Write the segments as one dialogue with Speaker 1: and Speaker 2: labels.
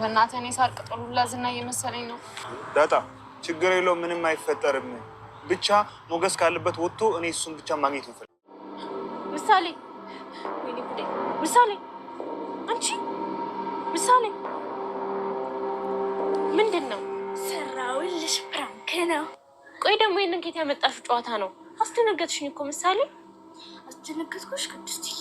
Speaker 1: በእናትህ እኔ ሳር ቅጠሉ ዝና እየመሰለኝ ነው።
Speaker 2: ዳጣ ችግር የለው ምንም አይፈጠርም። ብቻ ሞገስ ካለበት ወጥቶ እኔ እሱን ብቻ ማግኘት እንፈልግ።
Speaker 1: ምሳሌ ምሳሌ፣ አንቺ ምሳሌ፣
Speaker 3: ምንድን ነው ሰራውልሽ?
Speaker 1: ፕራንክ ነው። ቆይ ደግሞ ይህንን ኬት ያመጣሽው ጨዋታ ነው? አስደነገጥሽኝ
Speaker 3: እኮ ምሳሌ፣ አስደነገጥኩሽ
Speaker 1: ቅድስትዬ።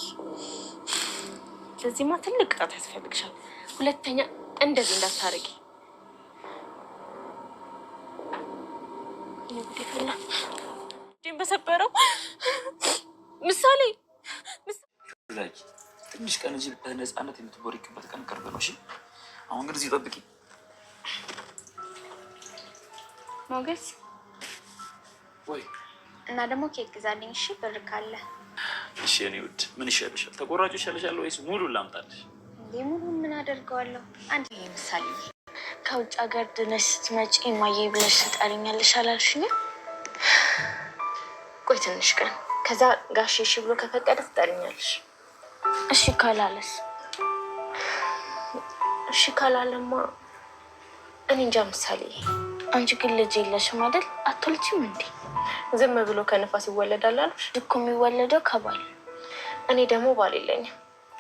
Speaker 1: ለዚህማ ትልቅ ቅጣት ያስፈልግሻል። ሁለተኛ እንደዚህ እንዳታርቂ። እጄን በሰበረው ምሳሌ
Speaker 2: ትንሽ ቀን እንጂ በነፃነት የምትቦሪቅበት ቀን ቅርብ ነው። እሺ አሁን ግን እዚህ ጠብቂ።
Speaker 1: ሞገስ ወይ እና ደግሞ ኬክ ግዛልኝ። እሺ ብር ካለ
Speaker 2: እሺ። እኔ ውድ ምን ይሻልሻል? ተቆራጮ ይሻልሻል ወይስ ሙሉ ላምጣልሽ?
Speaker 1: ሌሙን ምን አደርገዋለሁ? አንድ ምሳሌ
Speaker 3: ከውጭ ሀገር ድነሽ ስትመጪ ማየ ብለሽ ትጠሪኛለሽ አላልሽኝም?
Speaker 1: ቆይ ትንሽ ቀን ከዛ ጋሽ እሺ ብሎ ከፈቀደ
Speaker 3: ትጠሪኛለሽ። እሺ ካላለስ?
Speaker 1: እሺ ካላለማ እኔ እንጃ። ምሳሌ
Speaker 3: አንቺ ግን ልጅ የለሽም አይደል? አትወልጂም እንዴ?
Speaker 1: ዝም ብሎ ከንፋስ ይወለዳል
Speaker 3: አሉሽ እኮ። የሚወለደው ከባል
Speaker 1: እኔ ደግሞ ባል የለኝም፣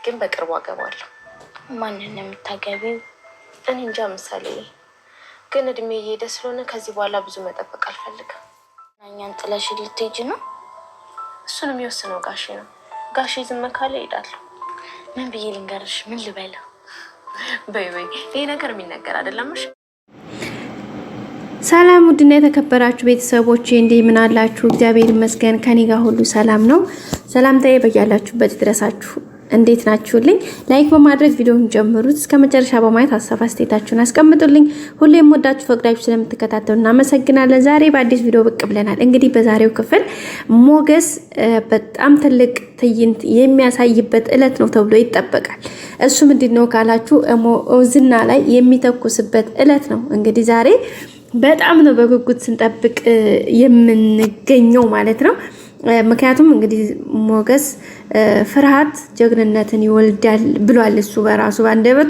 Speaker 1: ግን በቅርቡ አገባለሁ። ማንን
Speaker 3: ነው የምታገቢው? እኔ እንጃ
Speaker 1: ምሳሌ፣ ግን እድሜ እየሄደ ስለሆነ ከዚህ በኋላ ብዙ መጠበቅ
Speaker 3: አልፈልግም። እኛን ጥለሽ ልትሄጂ
Speaker 1: ነው? እሱን የሚወስነው ጋሼ ነው። ጋሼ ዝም ካለ
Speaker 3: እሄዳለሁ። ምን ብዬ ልንገርሽ?
Speaker 1: ምን ልበለው? በይ በይ፣ ይሄ ነገር የሚነገር አይደለምሽ።
Speaker 4: ሰላም ውድና የተከበራችሁ ቤተሰቦች እንዴ ምን አላችሁ? እግዚአብሔር ይመስገን ከኔ ጋር ሁሉ ሰላም ነው። ሰላምታዬ በያላችሁበት ይድረሳችሁ። እንዴት ናችሁልኝ? ላይክ በማድረግ ቪዲዮን ጀምሩት እስከ መጨረሻ በማየት ሀሳብ አስተያየታችሁን አስቀምጡልኝ። ሁሌም ወዳችሁ ፈቅዳችሁ ስለምትከታተሉ እናመሰግናለን። ዛሬ በአዲስ ቪዲዮ ብቅ ብለናል። እንግዲህ በዛሬው ክፍል ሞገስ በጣም ትልቅ ትዕይንት የሚያሳይበት እለት ነው ተብሎ ይጠበቃል። እሱ ምንድን ነው ካላችሁ ዝና ላይ የሚተኩስበት እለት ነው። እንግዲህ ዛሬ በጣም ነው በጉጉት ስንጠብቅ የምንገኘው ማለት ነው። ምክንያቱም እንግዲህ ሞገስ ፍርሃት ጀግንነትን ይወልዳል ብሏል እሱ በራሱ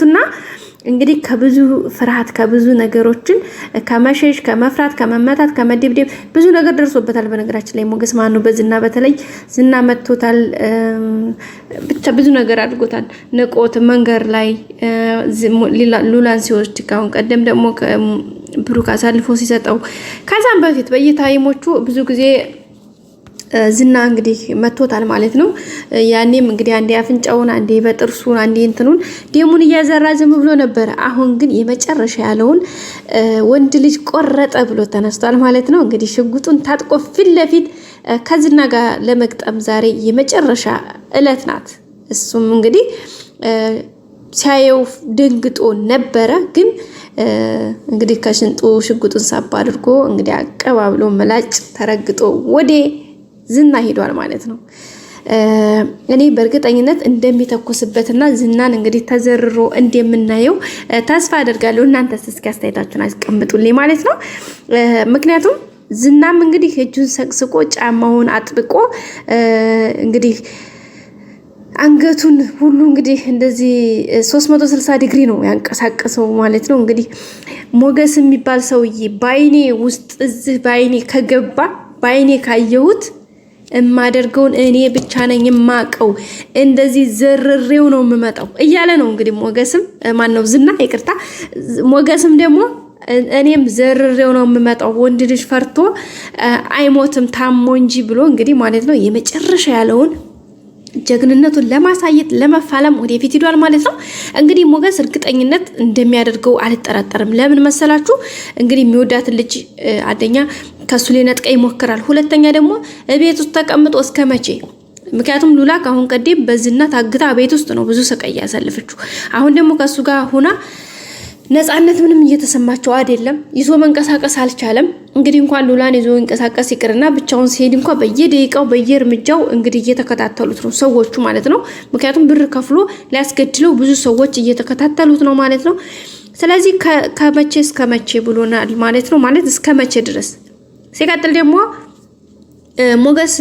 Speaker 4: እና እንግዲህ ከብዙ ፍርሃት ከብዙ ነገሮችን ከመሸሽ ከመፍራት ከመመታት ከመደብደብ ብዙ ነገር ደርሶበታል። በነገራችን ላይ ሞገስ ማኑ በዝና በተለይ ዝና መጥቶታል። ብቻ ብዙ ነገር አድርጎታል። ንቆት መንገድ ላይ ሉላን ሲወስድ ካሁን ቀደም ደግሞ ብሩክ አሳልፎ ሲሰጠው ከዛም በፊት በየታይሞቹ ብዙ ጊዜ ዝና እንግዲህ መቶታል ማለት ነው። ያኔም እንግዲህ አንዴ አፍንጫውን፣ አንዴ በጥርሱን፣ አንዴ እንትኑን ደሙን እያዘራ ዝም ብሎ ነበረ። አሁን ግን የመጨረሻ ያለውን ወንድ ልጅ ቆረጠ ብሎ ተነስቷል ማለት ነው። እንግዲህ ሽጉጡን ታጥቆ ፊት ለፊት ከዝና ጋር ለመግጠም ዛሬ የመጨረሻ እለት ናት። እሱም እንግዲህ ሲያየው ደንግጦ ነበረ። ግን እንግዲህ ከሽንጡ ሽጉጡን ሳብ አድርጎ እንግዲህ አቀባብሎ መላጭ ተረግጦ ወዴ ዝና ሄዷል ማለት ነው። እኔ በእርግጠኝነት እንደሚተኩስበትና ዝናን እንግዲህ ተዘርሮ እንደምናየው ተስፋ አደርጋለሁ። እናንተስ እስኪ አስተያየታችሁን አስቀምጡልኝ ማለት ነው። ምክንያቱም ዝናም እንግዲህ እጁን ሰቅስቆ ጫማውን አጥብቆ እንግዲህ አንገቱን ሁሉ እንግዲህ እንደዚህ 360 ዲግሪ ነው ያንቀሳቀሰው ማለት ነው። እንግዲህ ሞገስ የሚባል ሰውዬ በአይኔ ውስጥ እዚህ በአይኔ ከገባ በአይኔ ካየሁት የማደርገውን እኔ ብቻ ነኝ የማቀው፣ እንደዚህ ዘርሬው ነው የምመጣው እያለ ነው እንግዲህ ሞገስም ማን ነው ዝና፣ ይቅርታ ሞገስም ደግሞ እኔም ዘርሬው ነው የምመጣው፣ ወንድ ልጅ ፈርቶ አይሞትም ታሞ እንጂ ብሎ እንግዲህ ማለት ነው የመጨረሻ ያለውን ጀግንነቱን ለማሳየት ለመፋለም ወደፊት ሂዷል ማለት ነው። እንግዲህ ሞገስ እርግጠኝነት እንደሚያደርገው አልጠራጠርም። ለምን መሰላችሁ? እንግዲህ የሚወዳትን ልጅ አንደኛ ከሱ ሊነጥቀ ይሞክራል። ሁለተኛ ደግሞ እቤት ውስጥ ተቀምጦ እስከ መቼ? ምክንያቱም ሉላ ከአሁን ቀደም በዝና ታግታ ቤት ውስጥ ነው ብዙ ስቃይ ያሳለፈችው። አሁን ደግሞ ከእሱ ጋር ሁና ነፃነት ምንም እየተሰማቸው አይደለም። ይዞ መንቀሳቀስ አልቻለም። እንግዲህ እንኳን ሉላን ይዞ መንቀሳቀስ ይቅርና ብቻውን ሲሄድ እንኳን በየደቂቃው በየእርምጃው እንግዲህ እየተከታተሉት ነው ሰዎቹ ማለት ነው። ምክንያቱም ብር ከፍሎ ሊያስገድለው ብዙ ሰዎች እየተከታተሉት ነው ማለት ነው። ስለዚህ ከመቼ እስከ መቼ ብሎናል ማለት ነው። ማለት እስከ መቼ ድረስ ሲቀጥል ደግሞ ሞገስ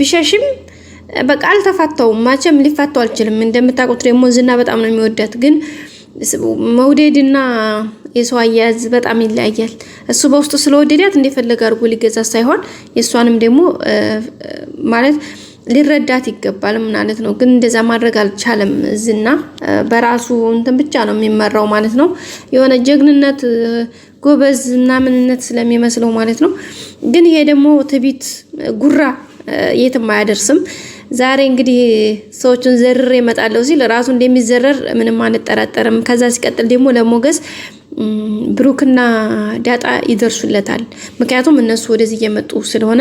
Speaker 4: ቢሸሽም በቃ አልተፋተውም መቼም ሊፋተው አልችልም። እንደምታውቁት ደግሞ ዝና በጣም ነው የሚወዳት ግን መውደድና የሰው አያያዝ በጣም ይለያያል። እሱ በውስጡ ስለወደዳት እንደፈለገ አድርጎ ሊገዛ ሳይሆን የእሷንም ደግሞ ማለት ሊረዳት ይገባል ማለት ነው። ግን እንደዛ ማድረግ አልቻለም። ዝና በራሱ እንትን ብቻ ነው የሚመራው ማለት ነው። የሆነ ጀግንነት ጎበዝ ምናምንነት ስለሚመስለው ማለት ነው። ግን ይሄ ደግሞ ትቢት ጉራ የትም አያደርስም። ዛሬ እንግዲህ ሰዎቹን ዘርር ይመጣለው ሲል ራሱ እንደሚዘረር ምንም አንጠራጠርም። ከዛ ሲቀጥል ደግሞ ለሞገስ ብሩክና ዳጣ ይደርሱለታል። ምክንያቱም እነሱ ወደዚህ እየመጡ ስለሆነ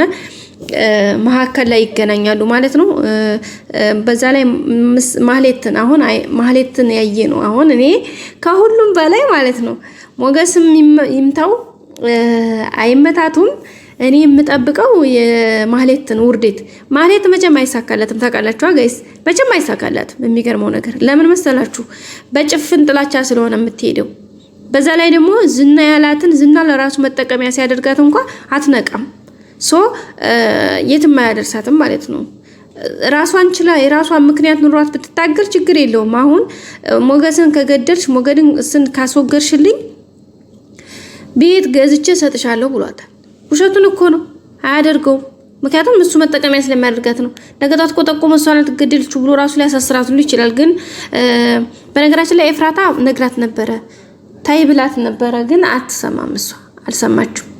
Speaker 4: መሀከል ላይ ይገናኛሉ ማለት ነው። በዛ ላይ ማህሌትን አሁን ማህሌትን ያየ ነው። አሁን እኔ ከሁሉም በላይ ማለት ነው ሞገስም ይምታው አይመታቱም። እኔ የምጠብቀው የማህሌትን ውርዴት። ማህሌት መቼም አይሳካለትም፣ ታውቃላችሁ ጋይስ፣ መቼም አይሳካላትም። የሚገርመው ነገር ለምን መሰላችሁ? በጭፍን ጥላቻ ስለሆነ የምትሄደው። በዛ ላይ ደግሞ ዝና ያላትን ዝና ለራሱ መጠቀሚያ ሲያደርጋት እንኳ አትነቃም። ሶ የትም አያደርሳትም ማለት ነው። ራሷን ችላ የራሷን ምክንያት ኑሯት ብትታገል ችግር የለውም። አሁን ሞገስን ከገደልሽ ሞገድን ስን ካስወገርሽልኝ? ቤት ገዝቼ ሰጥሻለሁ ብሏታል። ውሸቱን እኮ ነው፣ አያደርገውም። ምክንያቱም እሱ መጠቀሚያ ስለሚያደርጋት ነው። ነገጣት ቆጠቆመ እሷ ልትገደልች ብሎ ራሱ ሊያሳስራት ሁሉ ይችላል። ግን በነገራችን ላይ ኤፍራታ ነግራት ነበረ፣ ታይ ብላት ነበረ፣ ግን አትሰማም። እሷ አልሰማችሁም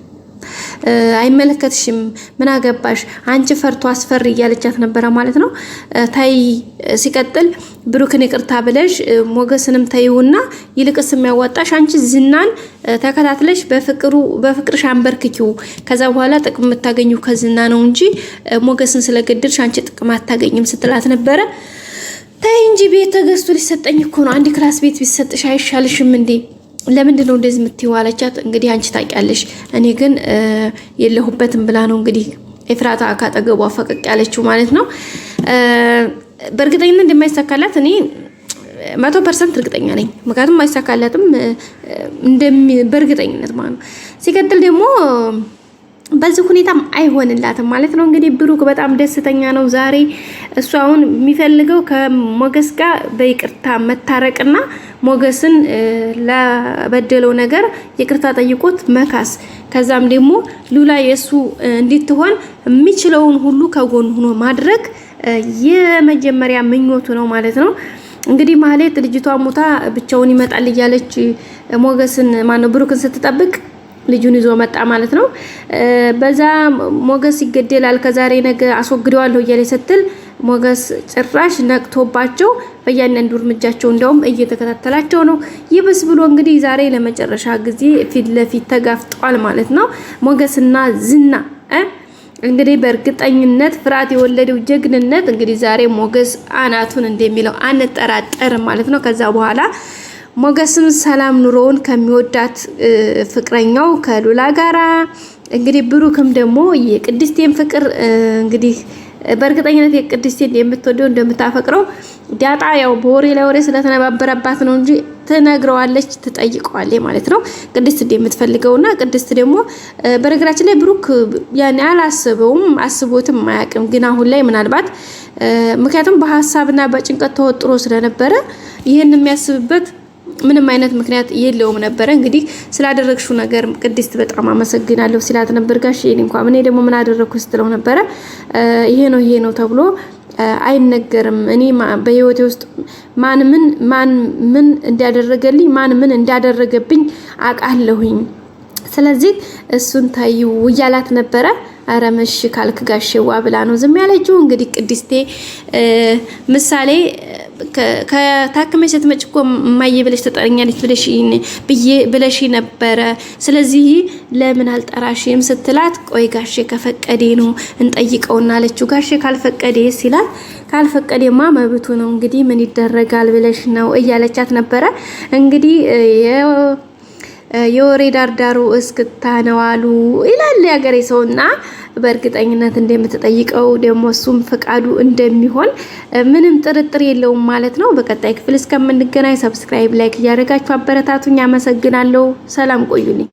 Speaker 4: አይመለከትሽም፣ ምን አገባሽ አንቺ ፈርቶ አስፈሪ እያለቻት ነበረ ማለት ነው። ታይ ሲቀጥል ብሩክን ይቅርታ ብለሽ ሞገስንም ተይውና ይልቅስ የሚያዋጣሽ አንቺ ዝናን ተከታትለሽ በፍቅሩ በፍቅርሽ አንበርክኪው። ከዛ በኋላ ጥቅም የምታገኙ ከዝና ነው እንጂ ሞገስን ስለገድልሽ አንቺ ጥቅም አታገኝም ስትላት ነበረ። ታይ እንጂ ቤት ተገዝቶ ሊሰጠኝ እኮ ነው። አንድ ክላስ ቤት ቢሰጥሽ አይሻልሽም እንዴ? ለምንድን ነው እንደዚህ የምትይው አለቻት። እንግዲህ አንቺ ታውቂያለሽ፣ እኔ ግን የለሁበትም ብላ ነው እንግዲህ ኤፍራታ ካጠገቧ ፈቀቅ ያለችው ማለት ነው። በእርግጠኝነት እንደማይሳካላት እኔ መቶ ፐርሰንት እርግጠኛ ነኝ። ምክንያቱም አይሳካላትም በእርግጠኝነት ማለት ነው። ሲቀጥል ደግሞ በዚህ ሁኔታም አይሆንላትም ማለት ነው። እንግዲህ ብሩክ በጣም ደስተኛ ነው ዛሬ። እሱ አሁን የሚፈልገው ከሞገስ ጋር በይቅርታ መታረቅና ሞገስን ለበደለው ነገር ይቅርታ ጠይቆት መካስ፣ ከዛም ደግሞ ሉላ የእሱ እንድትሆን የሚችለውን ሁሉ ከጎን ሆኖ ማድረግ የመጀመሪያ ምኞቱ ነው ማለት ነው። እንግዲህ ማለት ልጅቷ ሙታ ብቻውን ይመጣል እያለች ሞገስን ማነው ብሩክን ስትጠብቅ ልጁን ይዞ መጣ ማለት ነው። በዛ ሞገስ ይገደላል፣ ከዛሬ ነገ አስወግደዋለሁ እያለ ስትል ሞገስ ጭራሽ ነቅቶባቸው በእያንዳንዱ እርምጃቸው እንደውም እየተከታተላቸው ነው። ይብስ ብሎ እንግዲህ ዛሬ ለመጨረሻ ጊዜ ፊት ለፊት ተጋፍጧል ማለት ነው ሞገስና ዝና እንግዲህ በእርግጠኝነት ፍርሃት የወለደው ጀግንነት እንግዲህ ዛሬ ሞገስ አናቱን እንደሚለው አንጠራጠርም ማለት ነው። ከዛ በኋላ ሞገስም ሰላም ኑሮውን ከሚወዳት ፍቅረኛው ከሉላ ጋራ እንግዲህ ብሩክም ደግሞ የቅድስቴን ፍቅር እንግዲህ በእርግጠኝነት የቅድስቴን የምትወደው እንደምታፈቅረው ዳጣ ያው በወሬ ለወሬ ስለተነባበረባት ነው እንጂ ትነግረዋለች፣ ትጠይቀዋለች ማለት ነው ቅድስት እንደምትፈልገውና ቅድስት ደግሞ በነገራችን ላይ ብሩክ ያን አላስበውም አስቦትም አያውቅም። ግን አሁን ላይ ምናልባት ምክንያቱም በሀሳብና በጭንቀት ተወጥሮ ስለነበረ ይህን የሚያስብበት ምንም አይነት ምክንያት የለውም ነበረ። እንግዲህ ስላደረግሽው ነገር ቅድስት በጣም አመሰግናለሁ ሲላት ነበር ጋሽ ይሄን እንኳን እኔ ደግሞ ምን አደረግኩ ስትለው ነበረ። ይሄ ነው ይሄ ነው ተብሎ አይነገርም። እኔ በህይወቴ ውስጥ ማን ምን ማን ምን እንዳደረገልኝ ማን ምን እንዳደረገብኝ አውቃለሁኝ። ስለዚህ እሱን ታዩ እያላት ነበረ። አረ መሽ ካልክ ጋሼዋ ብላ ነው ዝም ያለችው። እንግዲህ ቅድስቴ ምሳሌ ከታክመሽ ስትመጭ እኮ እማዬ ብለሽ ተጠረኛለች ብለሽ ነበረ። ስለዚህ ለምን አልጠራሽም ስትላት፣ ቆይ ጋሼ ከፈቀዴ ነው እንጠይቀውና አለችው። ጋሼ ካልፈቀዴ ሲላት፣ ካልፈቀዴማ መብቱ ነው እንግዲህ ምን ይደረጋል ብለሽ ነው እያለቻት ነበረ እንግዲህ የወሬ ዳርዳሩ እስክታ ነው አሉ ይላል ያገሬ ሰውና በእርግጠኝነት እንደምትጠይቀው ደግሞ እሱም ፈቃዱ እንደሚሆን ምንም ጥርጥር የለውም ማለት ነው። በቀጣይ ክፍል እስከምንገናኝ ሰብስክራይብ፣ ላይክ እያደረጋችሁ አበረታቱኝ። አመሰግናለሁ። ሰላም ቆዩልኝ።